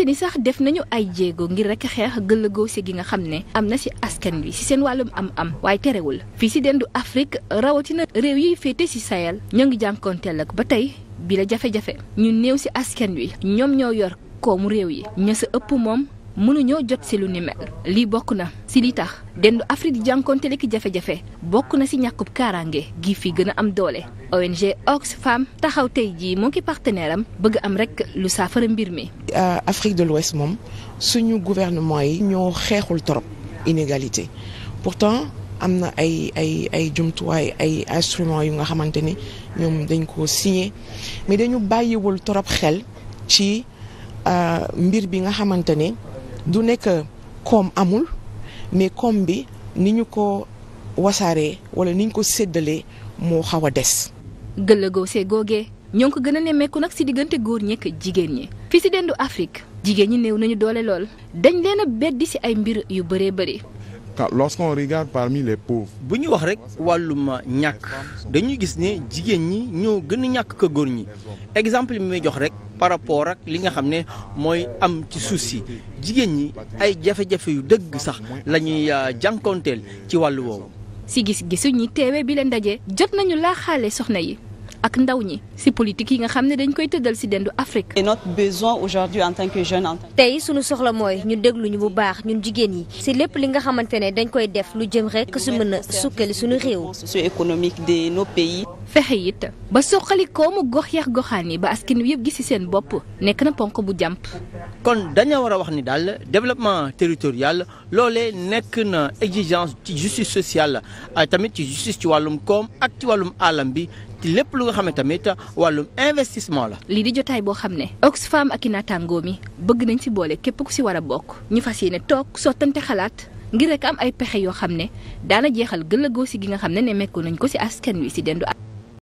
xamante ni sax def nañu ay jéego ngir rek xeex gëllëgoose gi nga xam ne am na ci askan wi ci seen wàllum am-am waaye terewul fii ci dendu Afrique rawatina réew yiy féete ci sayal ñoo ngi jànkoonteel ak ba tey bi la jafe-jafe ñu néew ci askan wi ñoom ñoo yor koomu réew yi ña sa ëpp moom. mënuñoo jot si lu ni mel lii bokk na si li tax dendu Afrique di jànkoonte ki jafe-jafe bokk na si ñàkkub kaaraange gi fi gën a am doole ONG Oxfam taxaw tey jii moo ki partenaire am bëgg am rek lu saafara mbir mi. Afrique de l'Ouest moom suñu gouvernement yi ñoo xeexul trop inégalité pourtant am na ay ay ay jumtuwaay ay instruments yu nga xamante ni ñoom dañ ko signé mais dañu bàyyiwul trop xel ci euh, mbir bi nga xamante ni. du nekk koom amul mais koom bi ni ñu ko wasaaree wala ni ñu ko séddalee moo xaw a des. gëllëgoo see googee ñoo ngi ko gën a nemmeeku nag si diggante góor ñekk jigéen ñi fi si dendu Afrique jigéen ñi néew nañu doole lool dañ leen a beddi si ay mbir yu bëree bëri. lorsqu'on regarde parmi les pauvres. bu ñu wax rek wàllum ñàkk dañuy gis ne jigéen ñi ñoo gën ñàkk ko góor ñi exemple bi may jox rek par rapport ak li nga xam ne mooy am ci suuf si jigéen ñi ay jafe-jafe yu dëgg sax la ñuy euh, jànkoonteel ci wàll woowu. si gis-gisu ñi teewe bi leen daje jot nañu laa xaale soxna yi. ak ndaw ñi ci politique yi nga xam ne dañ koy tëddal si dendu Afrique. et notre besoin aujourd'hui en tant que jeune en tant que. tey sunu soxla mooy ñu dégluñu bu baax ñun jigéen yi. si lépp li nga xamante ne dañ koy def lu jëm rek su mën a sukkali sunu réew. socio-économique de nos pays. fexe it ba soqali koomu gox yax goxaan yi ba askan wi yëpp gis ci seen bopp nekk na ponk bu jàmp. kon dañoo war a wax ni daal développement territorial loole nekk na exigence ci justice sociale tamit ci justice ci wàllum koom ak ci wàllum alam bi ci lépp lu nga xam ne tamit wàllum investissement la. lii di jotaay boo xam ne Oxfam ak i naataangoo mi bëgg nañ ci boole képp ku ci war a bokk ñu fas ne toog sottante xalaat. ngir rek am ay pexe yoo xam ne daana jeexal gëllëgoo si gi nga xam ne ne mekkoon nañ ko si askan wi si dendu